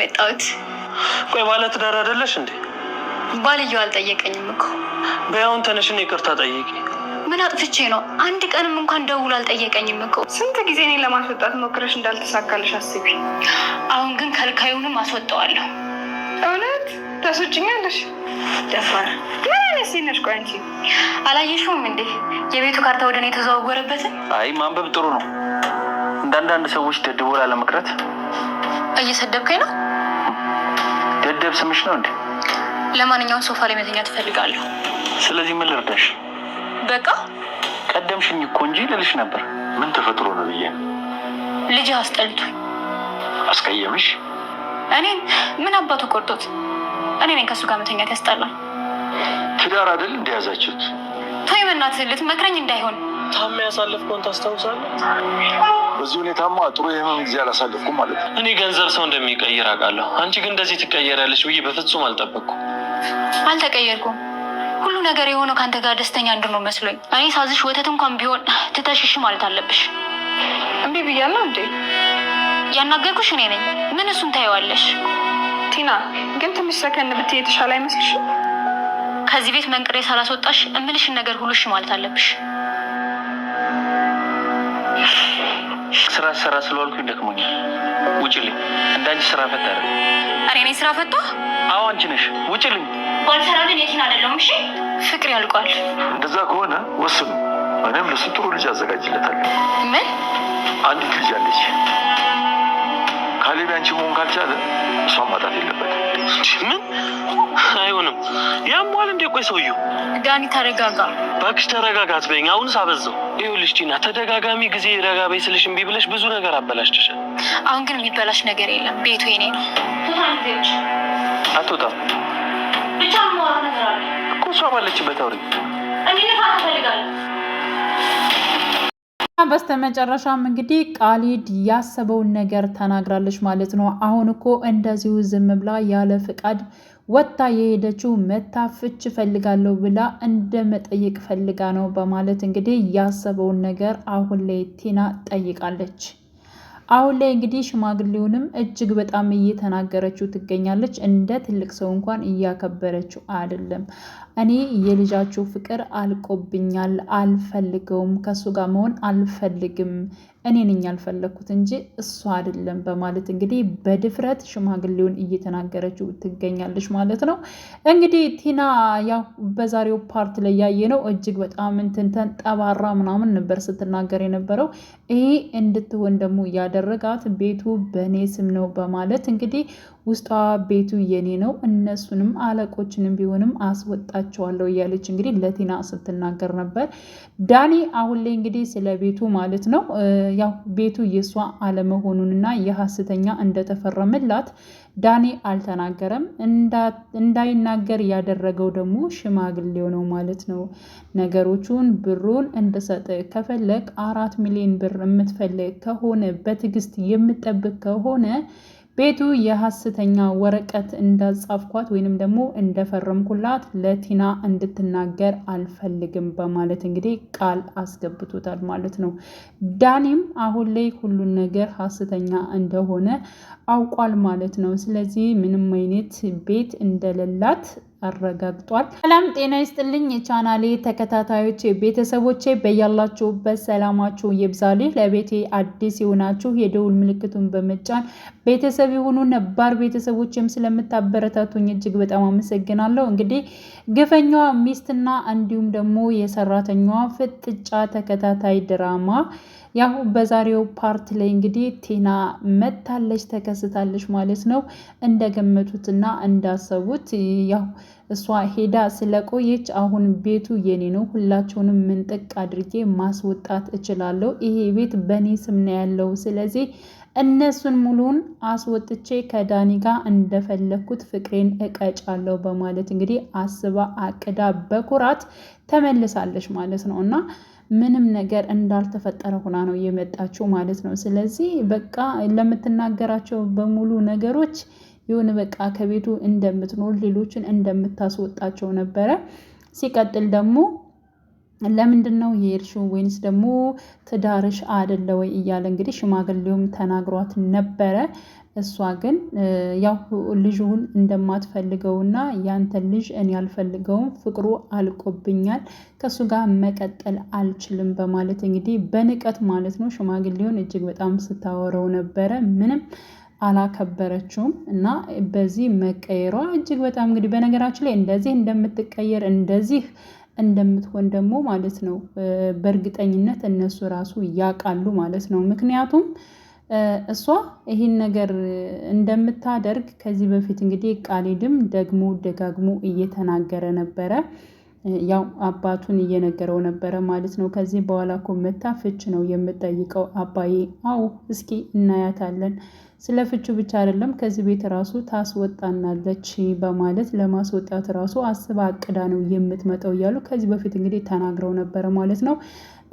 የመጣሁት። ቆይ ማለት ዳር አይደለሽ እንዴ? ባልየው አልጠየቀኝም እኮ። በያውን ተነሽን ይቅርታ ጠይቂ። ምን አጥፍቼ ነው? አንድ ቀንም እንኳን ደውሎ አልጠየቀኝም እኮ። ስንት ጊዜ እኔን ለማስወጣት ሞክረሽ እንዳልተሳካልሽ አስቢ። አሁን ግን ከልካዩንም አስወጣዋለሁ። እውነት ታስወጪኛለሽ? ደፋር ምን አይነት ቆይ አንቺ አላየሽውም እንዴ የቤቱ ካርታ ወደ እኔ የተዘዋወረበትን? አይ ማንበብ ጥሩ ነው። እንዳንዳንድ ሰዎች ደድቦ ላለመቅረት እየሰደብከኝ ነው። መደብ ስምሽ ነው እንዴ? ለማንኛውም ሶፋ ላይ መተኛ ትፈልጋለሁ። ስለዚህ ምን ልርዳሽ? በቃ ቀደምሽኝ እኮ እንጂ ልልሽ ነበር። ምን ተፈጥሮ ነው ብዬ ልጅ አስጠልቶኝ። አስቀየምሽ? እኔን ምን አባቱ ቆርጦት? እኔ ነኝ ከእሱ ጋር መተኛት ያስጠላል። ትዳር አይደል እንደያዛችሁት? ቶይ በእናትህ ልትመክረኝ እንዳይሆን ታማ ያሳለፍከውን ታስታውሳለህ? በዚህ ሁኔታማ ጥሩ የህመም ጊዜ አላሳለፍኩም ማለት ነው። እኔ ገንዘብ ሰው እንደሚቀይር አውቃለሁ። አንቺ ግን እንደዚህ ትቀየራለች ብዬ በፍጹም አልጠበቅኩም። አልተቀየርኩም። ሁሉ ነገር የሆነው ከአንተ ጋር ደስተኛ ነው መስሎኝ። እኔ ሳዝሽ ወተት እንኳን ቢሆን ትተሽሽ ማለት አለብሽ። እምቢ ብያለሁ እንዴ? ያናገርኩሽ እኔ ነኝ። ምን እሱን ታየዋለሽ? ቲና ግን ትንሽ ሰከን ብትይ የተሻለ አይመስልሽም? ከዚህ ቤት መንቅሬ ሳላስወጣሽ እምልሽን ነገር ሁሉሽ ማለት አለብሽ። ስራ ሰራ ስለዋልኩኝ ደክሞኛል። ውጭልኝ። እንዳንቺ ስራ ፈታ አለ። እኔ ነኝ ስራ ፈቶ አዎ አንቺ ነሽ። ውጭልኝ። ባልሰራ ግን የትን እሺ ፍቅር ያልቋል። እንደዛ ከሆነ ወስኑ። እኔም ለሱ ጥሩ ልጅ አዘጋጅለታለሁ። ምን? አንዲት ልጅ አለች። ካሌብ አንቺ መሆን ካልቻለ እሷን ማጣት የለበትም። ምን አይሆንም። ያሟል እንዴ? ቆይ ሰውዬው ዳኒ ተረጋጋ እባክሽ፣ ተረጋጋት አትበይኝ። አሁንስ አበዛው። ይኸውልሽ ቲና፣ ተደጋጋሚ ጊዜ ረጋ በይ ስልሽ እምቢ ብለሽ ብዙ ነገር አበላሽተሻል። አሁን ግን የሚበላሽ ነገር የለም። ቤቱ የኔ ነው። አትወጣም እኮ እሷ ባለችበት አውሪ በስተመጨረሻም እንግዲህ ቃሊድ ያሰበውን ነገር ተናግራለች ማለት ነው። አሁን እኮ እንደዚሁ ዝም ብላ ያለ ፍቃድ ወጥታ የሄደችው መታፍች ፈልጋለሁ ብላ እንደ መጠየቅ ፈልጋ ነው በማለት እንግዲህ ያሰበውን ነገር አሁን ላይ ቲና ጠይቃለች። አሁን ላይ እንግዲህ ሽማግሌውንም እጅግ በጣም እየተናገረችው ትገኛለች። እንደ ትልቅ ሰው እንኳን እያከበረችው አይደለም። እኔ የልጃችሁ ፍቅር አልቆብኛል፣ አልፈልገውም፣ ከሱ ጋር መሆን አልፈልግም እኔ ነኝ ያልፈለግኩት እንጂ እሷ አይደለም በማለት እንግዲህ በድፍረት ሽማግሌውን እየተናገረችው ትገኛለች ማለት ነው። እንግዲህ ቲና ያው በዛሬው ፓርት ላይ ያየ ነው እጅግ በጣም እንትን ተንጠባራ ምናምን ነበር ስትናገር የነበረው። ይሄ እንድትሆን ደግሞ ያደረጋት ቤቱ በእኔ ስም ነው በማለት እንግዲህ ውስጧ ቤቱ የኔ ነው እነሱንም አለቆችንም ቢሆንም አስወጣቸዋለሁ እያለች እንግዲህ ለቲና ስትናገር ነበር። ዳኒ አሁን ላይ እንግዲህ ስለ ቤቱ ማለት ነው ያው ቤቱ የእሷ አለመሆኑንና የሀስተኛ እንደተፈረመላት ዳኒ አልተናገረም። እንዳይናገር ያደረገው ደግሞ ሽማግሌው ነው ማለት ነው። ነገሮቹን ብሩን እንድሰጥ ከፈለግ አራት ሚሊዮን ብር የምትፈልግ ከሆነ በትዕግስት የምጠብቅ ከሆነ ቤቱ የሐሰተኛ ወረቀት እንዳጻፍኳት ወይንም ደግሞ እንደፈረምኩላት ለቲና እንድትናገር አልፈልግም በማለት እንግዲህ ቃል አስገብቶታል ማለት ነው። ዳኒም አሁን ላይ ሁሉን ነገር ሐሰተኛ እንደሆነ አውቋል ማለት ነው። ስለዚህ ምንም አይነት ቤት እንደሌላት አረጋግጧል። ሰላም ጤና ይስጥልኝ የቻናሌ ተከታታዮች ቤተሰቦቼ በያላችሁበት ሰላማችሁ ይብዛልኝ። ለቤቴ አዲስ የሆናችሁ የደውል ምልክቱን በመጫን ቤተሰብ የሆኑ ነባር ቤተሰቦችም ስለምታበረታቱኝ እጅግ በጣም አመሰግናለሁ። እንግዲህ ግፈኛዋ ሚስትና እንዲሁም ደግሞ የሰራተኛዋ ፍጥጫ ተከታታይ ድራማ ያው በዛሬው ፓርት ላይ እንግዲህ ቴና መታለች ተከስታለች ማለት ነው። እንደገመቱት ና እንዳሰቡት ያው እሷ ሄዳ ስለቆየች አሁን ቤቱ የኔ ነው፣ ሁላቸውንም ምንጥቅ አድርጌ ማስወጣት እችላለሁ። ይሄ ቤት በእኔ ስም ነው ያለው። ስለዚህ እነሱን ሙሉን አስወጥቼ ከዳኒ ጋር እንደፈለግኩት ፍቅሬን እቀጫለሁ በማለት እንግዲህ አስባ አቅዳ በኩራት ተመልሳለች ማለት ነው እና ምንም ነገር እንዳልተፈጠረ ሁና ነው የመጣችው ማለት ነው። ስለዚህ በቃ ለምትናገራቸው በሙሉ ነገሮች ይሁን በቃ ከቤቱ እንደምትኖር ሌሎችን እንደምታስወጣቸው ነበረ። ሲቀጥል ደግሞ ለምንድን ነው የሄድሽው? ወይንስ ደግሞ ትዳርሽ አደለ ወይ እያለ እንግዲህ ሽማግሌውም ተናግሯት ነበረ። እሷ ግን ያው ልጁን እንደማትፈልገውና ያንተን ልጅ እኔ አልፈልገውም፣ ፍቅሩ አልቆብኛል፣ ከእሱ ጋር መቀጠል አልችልም በማለት እንግዲህ በንቀት ማለት ነው ሽማግሌውን እጅግ በጣም ስታወረው ነበረ። ምንም አላከበረችውም እና በዚህ መቀየሯ እጅግ በጣም እንግዲህ በነገራችን ላይ እንደዚህ እንደምትቀየር እንደዚህ እንደምትሆን ደግሞ ማለት ነው በእርግጠኝነት እነሱ ራሱ ያውቃሉ ማለት ነው ምክንያቱም እሷ ይህን ነገር እንደምታደርግ ከዚህ በፊት እንግዲህ ቃሊድም ደግሞ ደጋግሞ እየተናገረ ነበረ። ያው አባቱን እየነገረው ነበረ ማለት ነው። ከዚህ በኋላ እኮ መታ ፍች ነው የምጠይቀው አባዬ። አዎ እስኪ እናያታለን። ስለ ፍቹ ብቻ አይደለም ከዚህ ቤት ራሱ ታስወጣናለች በማለት ለማስወጣት ራሱ አስባ አቅዳ ነው የምትመጣው እያሉ ከዚህ በፊት እንግዲህ ተናግረው ነበረ ማለት ነው።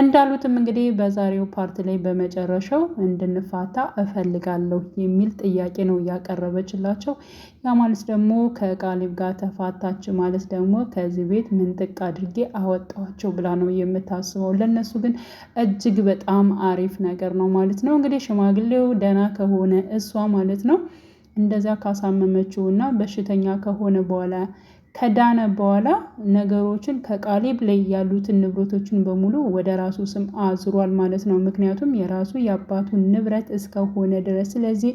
እንዳሉትም እንግዲህ በዛሬው ፓርት ላይ በመጨረሻው እንድንፋታ እፈልጋለሁ የሚል ጥያቄ ነው እያቀረበችላቸው። ያ ማለት ደግሞ ከቃሊብ ጋር ተፋታች ማለት ደግሞ ከዚህ ቤት ምንጥቅ አድርጌ አወጣቸው ብላ ነው የምታስበው። ለነሱ ግን እጅግ በጣም አሪፍ ነገር ነው ማለት ነው። እንግዲህ ሽማግሌው ደህና ከሆነ እሷ ማለት ነው እንደዚያ ካሳመመችው እና በሽተኛ ከሆነ በኋላ ከዳነ በኋላ ነገሮችን ከቃሌብ ላይ ያሉትን ንብረቶችን በሙሉ ወደ ራሱ ስም አዝሯል ማለት ነው። ምክንያቱም የራሱ የአባቱ ንብረት እስከሆነ ድረስ። ስለዚህ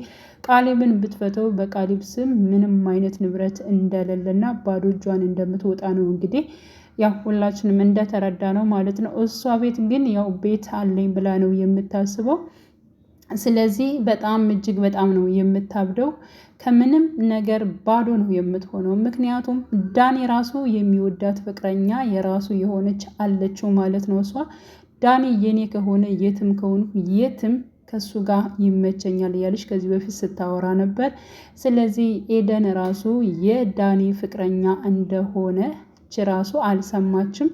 ቃሌብን ብትፈተው በቃሌብ ስም ምንም አይነት ንብረት እንደሌለና ባዶ እጇን እንደምትወጣ ነው እንግዲህ ያው ሁላችንም እንደተረዳ ነው ማለት ነው። እሷ ቤት ግን ያው ቤት አለኝ ብላ ነው የምታስበው። ስለዚህ በጣም እጅግ በጣም ነው የምታብደው። ከምንም ነገር ባዶ ነው የምትሆነው። ምክንያቱም ዳኒ ራሱ የሚወዳት ፍቅረኛ የራሱ የሆነች አለችው ማለት ነው። እሷ ዳኒ የኔ ከሆነ የትም ከሆኑ የትም ከሱ ጋር ይመቸኛል እያለች ከዚህ በፊት ስታወራ ነበር። ስለዚህ ኤደን ራሱ የዳኒ ፍቅረኛ እንደሆነ ራሱ አልሰማችም።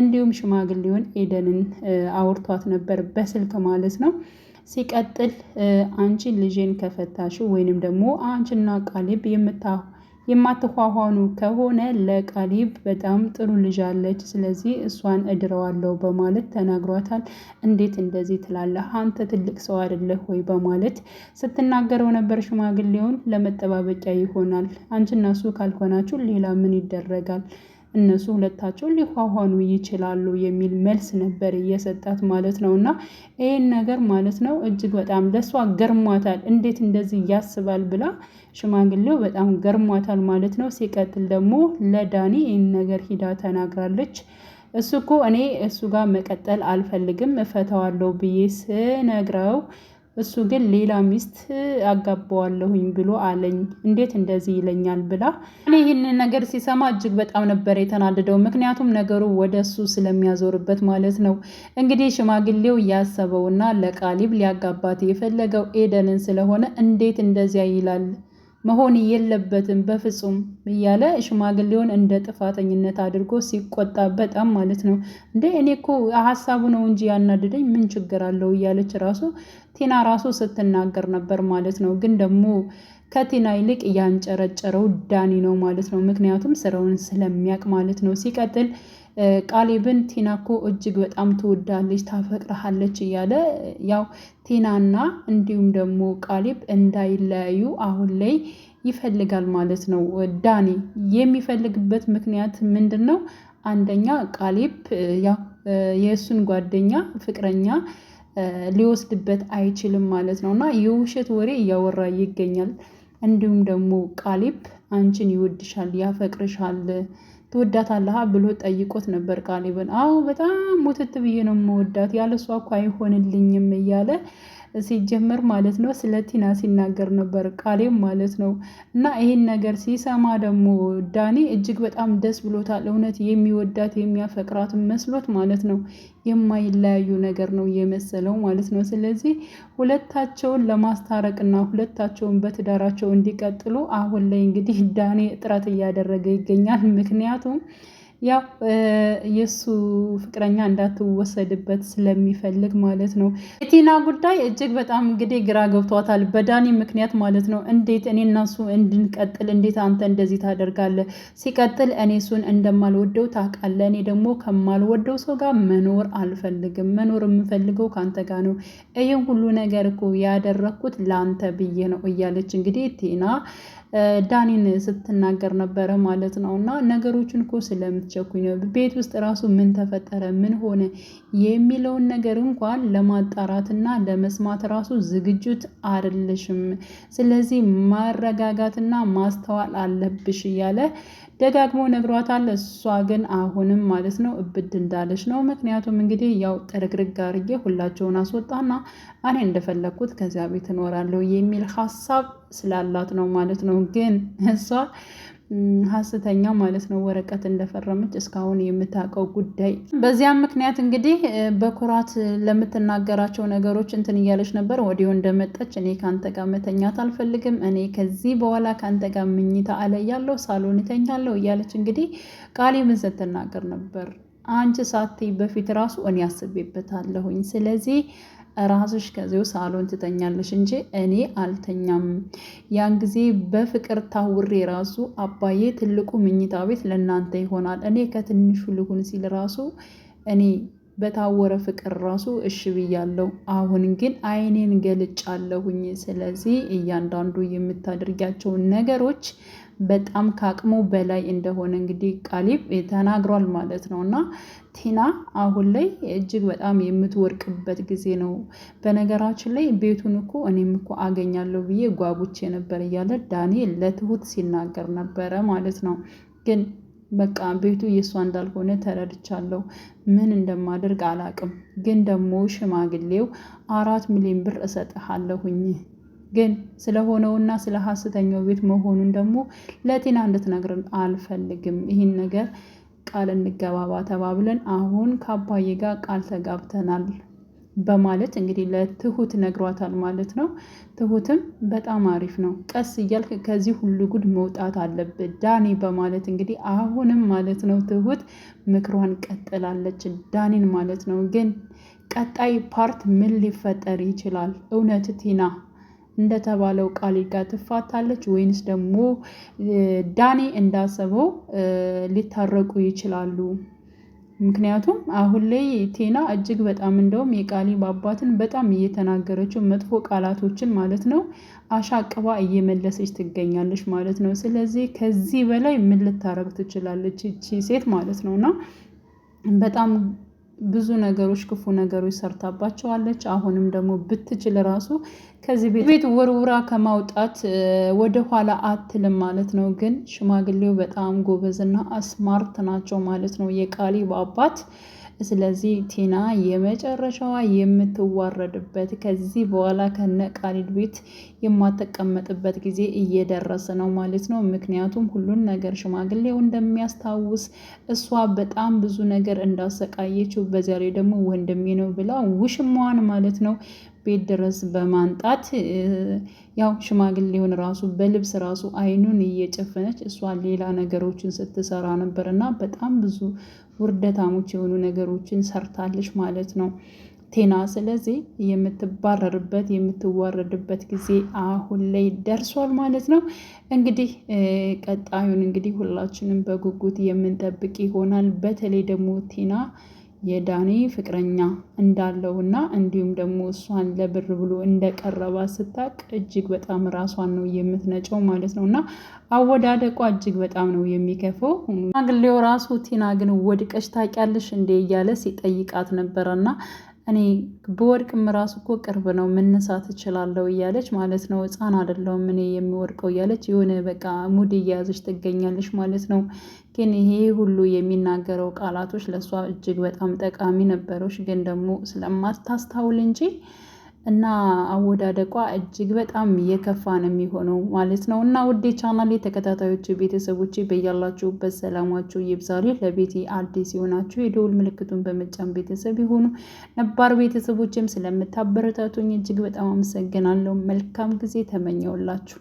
እንዲሁም ሽማግሌውን ኤደንን አውርቷት ነበር በስልክ ማለት ነው። ሲቀጥል አንቺ ልጄን ከፈታሽ ወይንም ደግሞ አንቺና ቃሊብ የማትኋኋኑ ከሆነ ለቃሊብ በጣም ጥሩ ልጅ አለች፣ ስለዚህ እሷን እድረዋለሁ በማለት ተናግሯታል። እንዴት እንደዚህ ትላለህ? አንተ ትልቅ ሰው አይደለህ ወይ? በማለት ስትናገረው ነበር። ሽማግሌውን ለመጠባበቂያ ይሆናል። አንችና ሱ ካልሆናችሁ ሌላ ምን ይደረጋል? እነሱ ሁለታቸው ሊኋኋኑ ይችላሉ የሚል መልስ ነበር እየሰጣት ማለት ነው። እና ይህን ነገር ማለት ነው እጅግ በጣም ለእሷ ገርሟታል። እንዴት እንደዚህ ያስባል ብላ ሽማግሌው በጣም ገርሟታል ማለት ነው። ሲቀጥል ደግሞ ለዳኒ ይህን ነገር ሂዳ ተናግራለች። እሱ እኮ እኔ እሱ ጋር መቀጠል አልፈልግም እፈተዋለሁ ብዬ ስነግረው እሱ ግን ሌላ ሚስት አጋባዋለሁኝ ብሎ አለኝ፣ እንዴት እንደዚህ ይለኛል ብላ እኔ ይህንን ነገር ሲሰማ እጅግ በጣም ነበር የተናደደው። ምክንያቱም ነገሩ ወደ እሱ ስለሚያዞርበት ማለት ነው። እንግዲህ ሽማግሌው እያሰበውና ለቃሊብ ሊያጋባት የፈለገው ኤደንን ስለሆነ እንዴት እንደዚያ ይላል መሆን የለበትም በፍጹም እያለ ሽማግሌውን እንደ ጥፋተኝነት አድርጎ ሲቆጣ በጣም ማለት ነው። እንደ እኔ እኮ ሀሳቡ ነው እንጂ ያናድደኝ ምን ችግር አለው እያለች ራሱ ቲና ራሱ ስትናገር ነበር ማለት ነው። ግን ደግሞ ከቲና ይልቅ ያንጨረጨረው ዳኒ ነው ማለት ነው። ምክንያቱም ስራውን ስለሚያውቅ ማለት ነው። ሲቀጥል ቃሊብን ቲና እኮ እጅግ በጣም ትወዳለች፣ ታፈቅረሃለች እያለ ያው ቲናና እንዲሁም ደግሞ ቃሊብ እንዳይለያዩ አሁን ላይ ይፈልጋል ማለት ነው። ዳኒ የሚፈልግበት ምክንያት ምንድን ነው? አንደኛ ቃሊብ ያው የእሱን ጓደኛ ፍቅረኛ ሊወስድበት አይችልም ማለት ነው እና የውሸት ወሬ እያወራ ይገኛል። እንዲሁም ደግሞ ቃሊብ አንቺን ይወድሻል፣ ያፈቅርሻል ትወዳታለህ ብሎ ጠይቆት ነበር ቃሊብን። አዎ በጣም ሙትት ብዬ ነው የምወዳት ያለሷ እኮ አይሆንልኝም እያለ ሲጀመር ማለት ነው ስለ ቲና ሲናገር ነበር ቃሌም ማለት ነው። እና ይሄን ነገር ሲሰማ ደግሞ ዳኒ እጅግ በጣም ደስ ብሎታል። እውነት የሚወዳት የሚያፈቅራት መስሎት ማለት ነው። የማይለያዩ ነገር ነው የመሰለው ማለት ነው። ስለዚህ ሁለታቸውን ለማስታረቅና ሁለታቸውን በትዳራቸው እንዲቀጥሉ አሁን ላይ እንግዲህ ዳኒ ጥረት እያደረገ ይገኛል። ምክንያቱም ያው የእሱ ፍቅረኛ እንዳትወሰድበት ስለሚፈልግ ማለት ነው። የቲና ጉዳይ እጅግ በጣም እንግዲህ ግራ ገብቷታል፣ በዳኒ ምክንያት ማለት ነው። እንዴት እኔ እና እሱ እንድንቀጥል እንዴት አንተ እንደዚህ ታደርጋለህ? ሲቀጥል እኔ እሱን እንደማልወደው ታውቃለህ። እኔ ደግሞ ከማልወደው ሰው ጋር መኖር አልፈልግም። መኖር የምፈልገው ከአንተ ጋር ነው። ይህን ሁሉ ነገር እኮ ያደረግኩት ለአንተ ብዬ ነው እያለች እንግዲህ ቲና ዳኒን ስትናገር ነበረ ማለት ነው። እና ነገሮችን እኮ ስለምትቸኩኝ ነው ቤት ውስጥ ራሱ ምን ተፈጠረ ምን ሆነ የሚለውን ነገር እንኳን ለማጣራትና ለመስማት ራሱ ዝግጁት አይደለሽም። ስለዚህ ማረጋጋትና ማስተዋል አለብሽ እያለ ደጋግሞ ነግሯታል። እሷ ግን አሁንም ማለት ነው እብድ እንዳለች ነው። ምክንያቱም እንግዲህ ያው ጥርግርግ አድርጌ ሁላቸውን አስወጣና እኔ እንደፈለግኩት ከዚያ ቤት እኖራለሁ የሚል ሀሳብ ስላላት ነው ማለት ነው። ግን እሷ ሀስተኛ ማለት ነው ወረቀት እንደፈረመች እስካሁን የምታውቀው ጉዳይ። በዚያም ምክንያት እንግዲህ በኩራት ለምትናገራቸው ነገሮች እንትን እያለች ነበር። ወዲሁ እንደመጣች እኔ ከአንተ ጋር መተኛት አልፈልግም፣ እኔ ከዚህ በኋላ ከአንተ ጋር ምኝታ አለያለሁ፣ ሳሎን እተኛለሁ እያለች እንግዲህ ቃሌ ምን ስትናገር ነበር? አንቺ ሳቴ በፊት ራሱ እኔ አስቤበታለሁኝ ስለዚህ ራስሽ ከዚው ሳሎን ትተኛለሽ እንጂ እኔ አልተኛም። ያን ጊዜ በፍቅር ታውሬ ራሱ አባዬ ትልቁ መኝታ ቤት ለእናንተ ይሆናል፣ እኔ ከትንሹ ልሁን ሲል ራሱ እኔ በታወረ ፍቅር ራሱ እሽ ብያለሁ። አሁን ግን አይኔን ገልጫለሁኝ። ስለዚህ እያንዳንዱ የምታደርጊያቸውን ነገሮች በጣም ከአቅሙ በላይ እንደሆነ እንግዲህ ቃሊብ ተናግሯል ማለት ነው እና ቲና አሁን ላይ እጅግ በጣም የምትወርቅበት ጊዜ ነው። በነገራችን ላይ ቤቱን እኮ እኔም እኮ አገኛለሁ ብዬ ጓጉቼ ነበር እያለ ዳንኤል ለትሁት ሲናገር ነበረ ማለት ነው። ግን በቃ ቤቱ የእሷ እንዳልሆነ ተረድቻለሁ። ምን እንደማደርግ አላቅም። ግን ደግሞ ሽማግሌው አራት ሚሊዮን ብር እሰጥሃለሁኝ ግን ስለሆነውና ስለ ሀሰተኛው ቤት መሆኑን ደግሞ ለቲና እንድትነግር አልፈልግም። ይህን ነገር ቃል እንገባባ ተባብለን አሁን ከአባዬ ጋር ቃል ተጋብተናል በማለት እንግዲህ ለትሁት ነግሯታል ማለት ነው። ትሁትም በጣም አሪፍ ነው፣ ቀስ እያልክ ከዚህ ሁሉ ጉድ መውጣት አለብህ ዳኒ በማለት እንግዲህ አሁንም ማለት ነው ትሁት ምክሯን ቀጥላለች፣ ዳኒን ማለት ነው። ግን ቀጣይ ፓርት ምን ሊፈጠር ይችላል? እውነት ቲና እንደተባለው ቃሌ ጋር ትፋታለች ወይንስ ደግሞ ዳኔ እንዳሰበው ሊታረቁ ይችላሉ? ምክንያቱም አሁን ላይ ቴና እጅግ በጣም እንደውም የቃሊብ አባትን በጣም እየተናገረችው መጥፎ ቃላቶችን ማለት ነው አሻቅባ እየመለሰች ትገኛለች ማለት ነው። ስለዚህ ከዚህ በላይ ምን ልታረግ ትችላለች ሴት ማለት ነው እና በጣም ብዙ ነገሮች ክፉ ነገሮች ሰርታባቸዋለች። አሁንም ደግሞ ብትችል ራሱ ከዚህ ቤት ወርውራ ከማውጣት ወደኋላ አትልም ማለት ነው። ግን ሽማግሌው በጣም ጎበዝና አስማርት ናቸው ማለት ነው የቃሊብ አባት ስለዚህ ቲና የመጨረሻዋ የምትዋረድበት ከዚህ በኋላ ከነ ቃሊድ ቤት የማትቀመጥበት ጊዜ እየደረሰ ነው ማለት ነው። ምክንያቱም ሁሉን ነገር ሽማግሌው እንደሚያስታውስ እሷ በጣም ብዙ ነገር እንዳሰቃየችው በዚያ ላይ ደግሞ ወንድሜ ነው ብላ ውሽማዋን ማለት ነው ቤት ድረስ በማንጣት ያው ሽማግሌውን ራሱ በልብስ ራሱ አይኑን እየጨፈነች እሷ ሌላ ነገሮችን ስትሰራ ነበር እና በጣም ብዙ ውርደታሞች የሆኑ ነገሮችን ሰርታለች ማለት ነው ቴና። ስለዚህ የምትባረርበት የምትዋረድበት ጊዜ አሁን ላይ ደርሷል ማለት ነው። እንግዲህ ቀጣዩን እንግዲህ ሁላችንም በጉጉት የምንጠብቅ ይሆናል። በተለይ ደግሞ ቴና የዳኒ ፍቅረኛ እንዳለውና እንዲሁም ደግሞ እሷን ለብር ብሎ እንደቀረባ ስታቅ እጅግ በጣም ራሷን ነው የምትነጨው ማለት ነው። እና አወዳደቋ እጅግ በጣም ነው የሚከፈው። ሽማግሌው ራሱ ቲና ግን ወድቀሽ ታውቂያለሽ እንዴ እያለ ሲጠይቃት ነበረና እኔ ብወድቅም ራሱ እኮ ቅርብ ነው መነሳት እችላለሁ እያለች ማለት ነው። ህፃን አይደለሁም እኔ የሚወድቀው እያለች የሆነ በቃ ሙድ እየያዘች ትገኛለች ማለት ነው። ግን ይሄ ሁሉ የሚናገረው ቃላቶች ለእሷ እጅግ በጣም ጠቃሚ ነበሮች፣ ግን ደግሞ ስለማታስታውል እንጂ እና አወዳደቋ እጅግ በጣም የከፋ ነው የሚሆነው ማለት ነው። እና ውዴ ቻናል ተከታታዮች ቤተሰቦች በያላችሁበት ሰላማችሁ ይብዛሬ። ለቤቴ አዲስ የሆናችሁ የደውል ምልክቱን በመጫን ቤተሰብ የሆኑ ነባር ቤተሰቦችም ስለምታበረታቱኝ እጅግ በጣም አመሰግናለሁ። መልካም ጊዜ ተመኘውላችሁ።